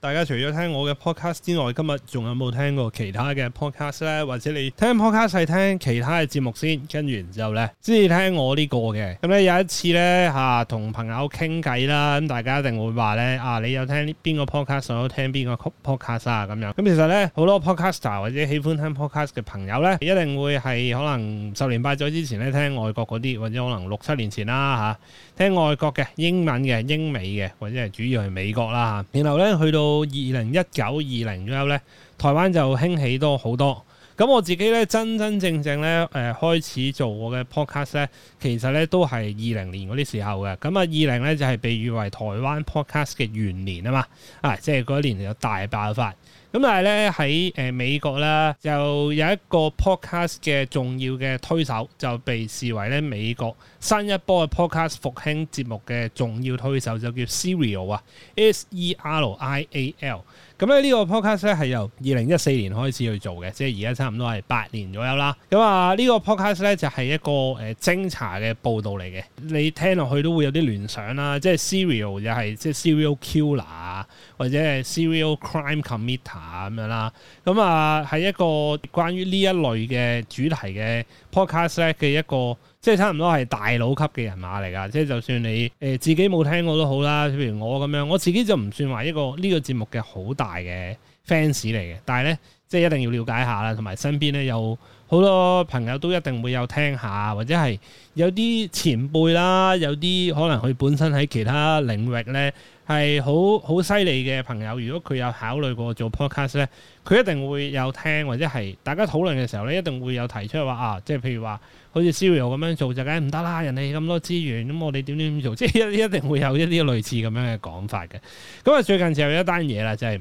大家除咗聽我嘅 podcast 之外，今日仲有冇聽過其他嘅 podcast 咧？或者你聽 podcast 係聽其他嘅節目先，跟住然之後咧先至聽我呢個嘅。咁咧有一次咧嚇，同、啊、朋友傾偈啦，咁大家一定會話咧啊，你有聽邊個 podcast，有聽邊個 podcast 啊咁樣。咁、啊、其實咧，好多 podcaster 或者喜歡聽 podcast 嘅朋友咧，一定會係可能十年八載之前咧聽外國嗰啲，或者可能六七年前啦嚇，聽外國嘅英文嘅英美嘅，或者係主要係美國啦。然後咧去到到二零一九二零左右咧，台灣就興起多好多。咁我自己咧真真正正咧誒、呃、開始做我嘅 podcast 咧，其實咧都係二零年嗰啲時候嘅。咁啊，二零咧就係、是、被譽為台灣 podcast 嘅元年啊嘛，啊即係嗰一年有大爆發。咁但係咧喺誒美國咧，就有一個 podcast 嘅重要嘅推手，就被視為咧美國新一波嘅 podcast 復興節目嘅重要推手，就叫 Serial 啊，S-E-R-I-A-L。E R I A L, 咁咧呢個 podcast 咧係由二零一四年開始去做嘅，即係而家差唔多係八年左右啦。咁啊，呢個 podcast 咧就係一個誒、呃、偵查嘅報道嚟嘅，你聽落去都會有啲聯想啦，即係 serial 又係即係 serial killer 或者係 serial crime committer 咁樣啦。咁、嗯、啊，係、呃、一個關於呢一類嘅主題嘅 podcast 咧嘅一個。即係差唔多係大佬級嘅人馬嚟㗎，即係就算你誒自己冇聽過都好啦。譬如我咁樣，我自己就唔算話一個呢個節目嘅好大嘅 fans 嚟嘅，但係咧。即係一定要了解下啦，同埋身邊咧有好多朋友都一定會有聽下，或者係有啲前輩啦，有啲可能佢本身喺其他領域咧係好好犀利嘅朋友，如果佢有考慮過做 Podcast 咧，佢一定會有聽，或者係大家討論嘅時候咧，一定會有提出話啊，即係譬如話好似 Serial 咁樣做就梗係唔得啦，人哋咁多資源，咁我哋點點點做，即係一一定會有一啲類似咁樣嘅講法嘅。咁啊，最近就有一單嘢啦，就係、是。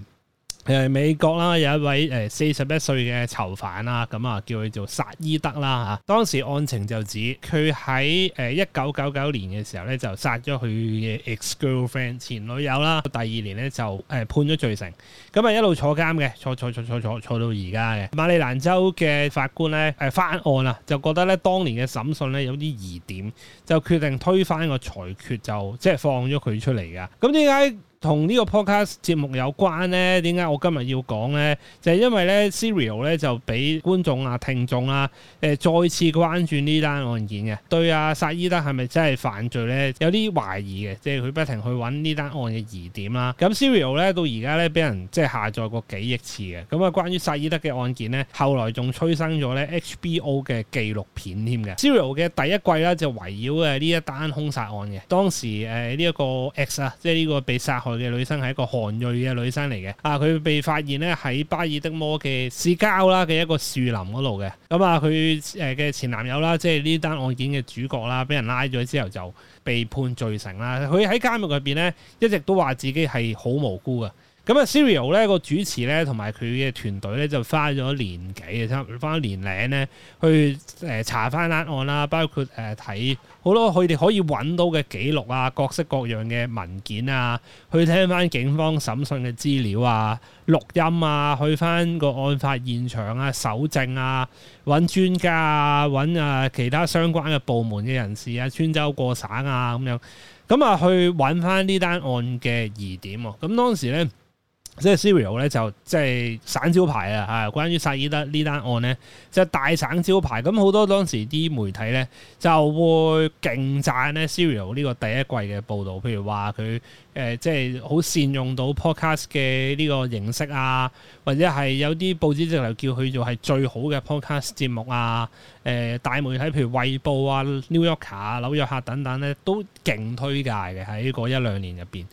誒，美國啦，有一位誒四十一歲嘅囚犯啦，咁啊叫佢做薩伊德啦吓。當時案情就指佢喺誒一九九九年嘅時候咧就殺咗佢嘅 ex girlfriend 前女友啦。第二年咧就誒判咗罪成，咁啊一路坐監嘅，坐坐坐坐坐坐到而家嘅。馬里蘭州嘅法官咧誒翻案啦，就覺得咧當年嘅審訊咧有啲疑點，就決定推翻個裁決，就即係放咗佢出嚟噶。咁點解？同呢個 podcast 節目有關呢？點解我今日要講呢？就係因為呢，Serial 咧就俾觀眾啊、聽眾啊，誒再次關注呢單案件嘅，對啊，薩伊德係咪真係犯罪呢？有啲懷疑嘅，即係佢不停去揾呢單案嘅疑點啦。咁 Serial 咧到而家呢，俾人即係下載過幾億次嘅。咁啊，關於薩伊德嘅案件呢，後來仲催生咗呢 HBO 嘅紀錄片添嘅。Serial 嘅第一季啦，就圍繞嘅呢一單兇殺案嘅。當時誒呢一個 X 啊，即係呢個被殺害。嘅女生係一個韓裔嘅女生嚟嘅，啊，佢被發現咧喺巴爾的摩嘅市郊啦嘅一個樹林嗰度嘅，咁啊，佢誒嘅前男友啦，即係呢單案件嘅主角啦，俾人拉咗之後就被判罪成啦，佢喺監獄入邊咧一直都話自己係好無辜啊。咁啊，Serial 咧個主持咧，同埋佢嘅團隊咧，就花咗年幾啊，差唔多一年零咧，去誒、呃、查翻單案啦，包括誒睇好多佢哋可以揾到嘅記錄啊，各式各樣嘅文件啊，去聽翻警方審訊嘅資料啊、錄音啊，去翻個案發現場啊、搜證啊，揾專家啊、揾啊其他相關嘅部門嘅人士啊，穿州過省啊咁樣，咁啊去揾翻呢單案嘅疑點啊，咁當時咧。即係 Serial 咧就即係省招牌啊！嚇，關於薩爾、e、德呢單案咧，就大省招牌。咁好多當時啲媒體咧就會勁讚咧 Serial 呢個第一季嘅報導，譬如話佢誒即係好善用到 podcast 嘅呢個形式啊，或者係有啲報紙直頭叫佢做係最好嘅 podcast 節目啊。誒、呃、大媒體譬如《衞報》啊、New Yorker 啊、紐約客》等等咧，都勁推介嘅喺嗰一兩年入邊。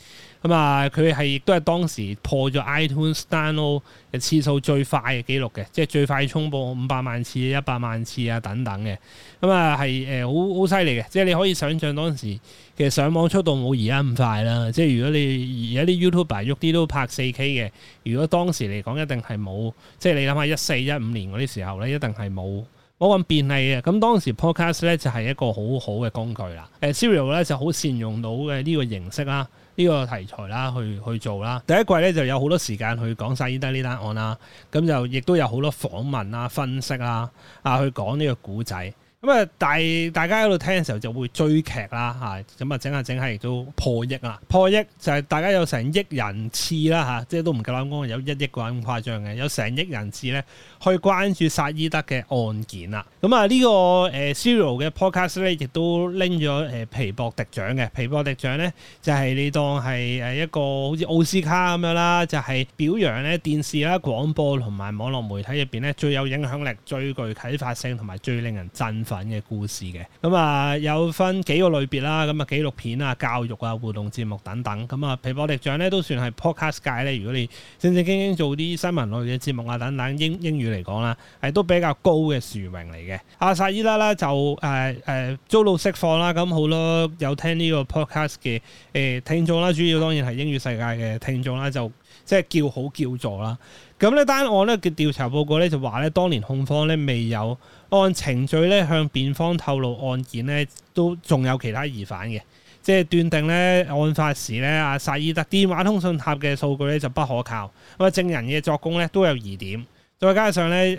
咁啊，佢係亦都係當時破咗 iTunes download 嘅次數最快嘅記錄嘅，即係最快衝破五百萬次、一百萬次啊等等嘅。咁啊，係誒好好犀利嘅。即係你可以想象當時嘅上網速度冇而家咁快啦。即係如果你而家啲 YouTuber 喐啲都拍四 K 嘅，如果當時嚟講一定係冇。即係你諗下一四一五年嗰啲時候咧，一定係冇，冇咁便利嘅。咁當時 Podcast 咧就係一個好好嘅工具啦。誒、呃，Serial 咧就好善用到嘅呢個形式啦。呢個題材啦，去去做啦。第一季咧就有好多時間去講晒依單呢單案啦，咁就亦都有好多訪問啦、分析啊、去講呢個故仔。咁啊，大大家喺度聽嘅時候就會追劇啦，吓咁啊，整下整下亦都破億啦，破億就係大家有成億人次啦，吓即係都唔夠膽講有一億個人咁誇張嘅，有成億人次咧去關注薩伊德嘅案件啦。咁啊，這個、呢個誒 Serial 嘅 Podcast 咧亦都拎咗誒皮博迪獎嘅，皮博迪獎咧就係、是、你當係誒一個好似奧斯卡咁樣啦，就係、是、表揚咧電視啦、廣播同埋網絡媒體入邊咧最有影響力、最具啟發性同埋最令人振奮。嘅故事嘅，咁、嗯、啊有分幾個類別啦，咁啊紀錄片啊、教育啊、互動節目等等，咁啊皮博力獎咧都算係 podcast 界咧，如果你正正經經做啲新聞類嘅節目啊等等，英英語嚟講啦，係都比較高嘅殊榮嚟嘅。阿薩伊拉咧就誒誒、呃呃、遭到釋放啦，咁、嗯、好多有聽呢個 podcast 嘅誒、呃、聽眾啦，主要當然係英語世界嘅聽眾啦，就即係叫好叫座啦。咁呢單案咧嘅調查報告咧就話咧，當年控方咧未有按程序咧向辯方透露案件咧，都仲有其他疑犯嘅，即係斷定咧案發時咧阿薩伊特電話通訊塔嘅數據咧就不可靠，咁啊證人嘅作供咧都有疑點，再加上咧誒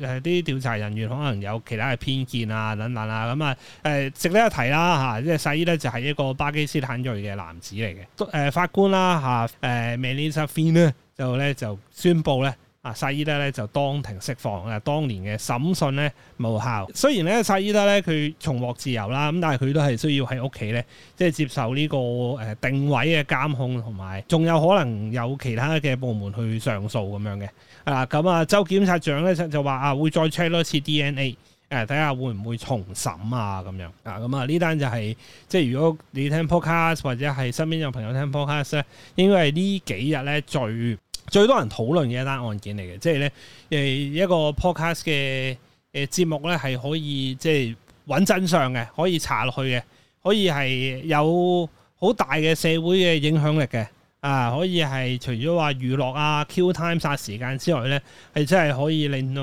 誒啲調查人員可能有其他嘅偏見啊等等啊，咁啊誒值得一提啦嚇，即係薩伊咧就係一個巴基斯坦裔嘅男子嚟嘅，誒、呃、法官啦嚇，誒 Melissa Finn 就咧就宣布咧，啊撒伊德咧就當庭釋放啊，當年嘅審訊咧無效。雖然咧撒伊德咧佢重獲自由啦，咁但係佢都係需要喺屋企咧，即係接受呢、這個誒、呃、定位嘅監控，同埋仲有可能有其他嘅部門去上訴咁樣嘅。啊咁啊，周檢察長咧就就話啊，會再 check 多次 DNA，誒、啊、睇下會唔會重審啊咁樣。啊咁啊，呢、啊、單、啊、就係、是、即係如果你聽 podcast 或者係身邊有朋友聽 podcast 咧，應該係呢幾日咧最最多人討論嘅一單案件嚟嘅，即係咧誒一個 podcast 嘅誒節目咧，係可以即係揾真相嘅，可以查落去嘅，可以係有好大嘅社會嘅影響力嘅啊！可以係除咗話娛樂啊、kill time 殺、啊、時間之外咧，係真係可以令到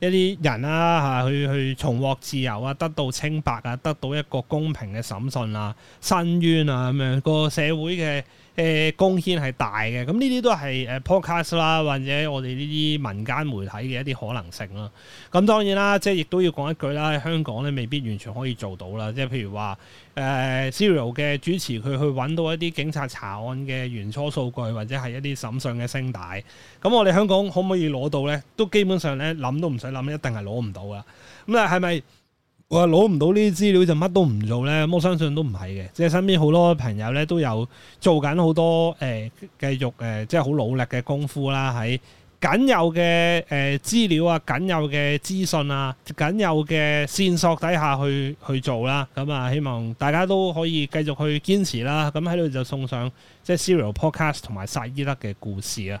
一啲人啊嚇、啊、去去重獲自由啊，得到清白啊，得到一個公平嘅審訊啊、伸冤啊咁樣、那個社會嘅。誒、呃、貢獻係大嘅，咁呢啲都係誒 podcast 啦，或者我哋呢啲民間媒體嘅一啲可能性咯。咁當然啦，即係亦都要講一句啦，香港咧未必完全可以做到啦。即係譬如話誒 serial 嘅主持佢去揾到一啲警察查案嘅原初數據，或者係一啲審訊嘅聲帶。咁我哋香港可唔可以攞到呢？都基本上咧諗都唔使諗，一定係攞唔到㗎。咁啊係咪？我攞唔到呢啲資料就乜都唔做呢？我相信都唔係嘅，即係身邊好多朋友呢，都有做緊好多誒、繼、呃、續誒、呃，即係好努力嘅功夫啦，喺僅有嘅誒資料啊，僅有嘅資訊啊，僅有嘅線索底下去去做啦，咁啊，希望大家都可以繼續去堅持啦，咁喺度就送上即係 Serial Podcast 同埋薩伊德嘅故事啊！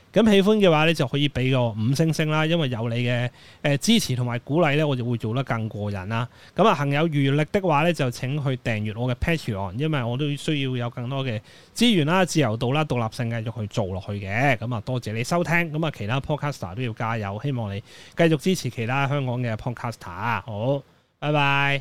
咁喜歡嘅話咧，就可以俾個五星星啦，因為有你嘅誒、呃、支持同埋鼓勵咧，我就會做得更過癮啦。咁、嗯、啊，行有餘力的話咧，就請去訂閱我嘅 Patreon，因為我都需要有更多嘅資源啦、自由度啦、獨立性繼續做去做落去嘅。咁、嗯、啊，多謝你收聽。咁、嗯、啊，其他 Podcaster 都要加油，希望你繼續支持其他香港嘅 Podcaster。好，拜拜。